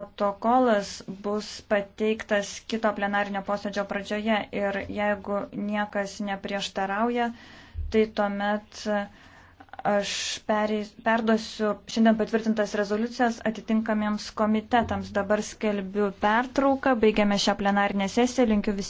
Protokolas bus pateiktas kito plenarinio posėdžio pradžioje ir jeigu niekas neprieštarauja, tai tuomet aš pereis, perduosiu šiandien patvirtintas rezoliucijas atitinkamiems komitetams. Dabar skelbiu pertrauką, baigiame šią plenarinę sesiją, linkiu visiems.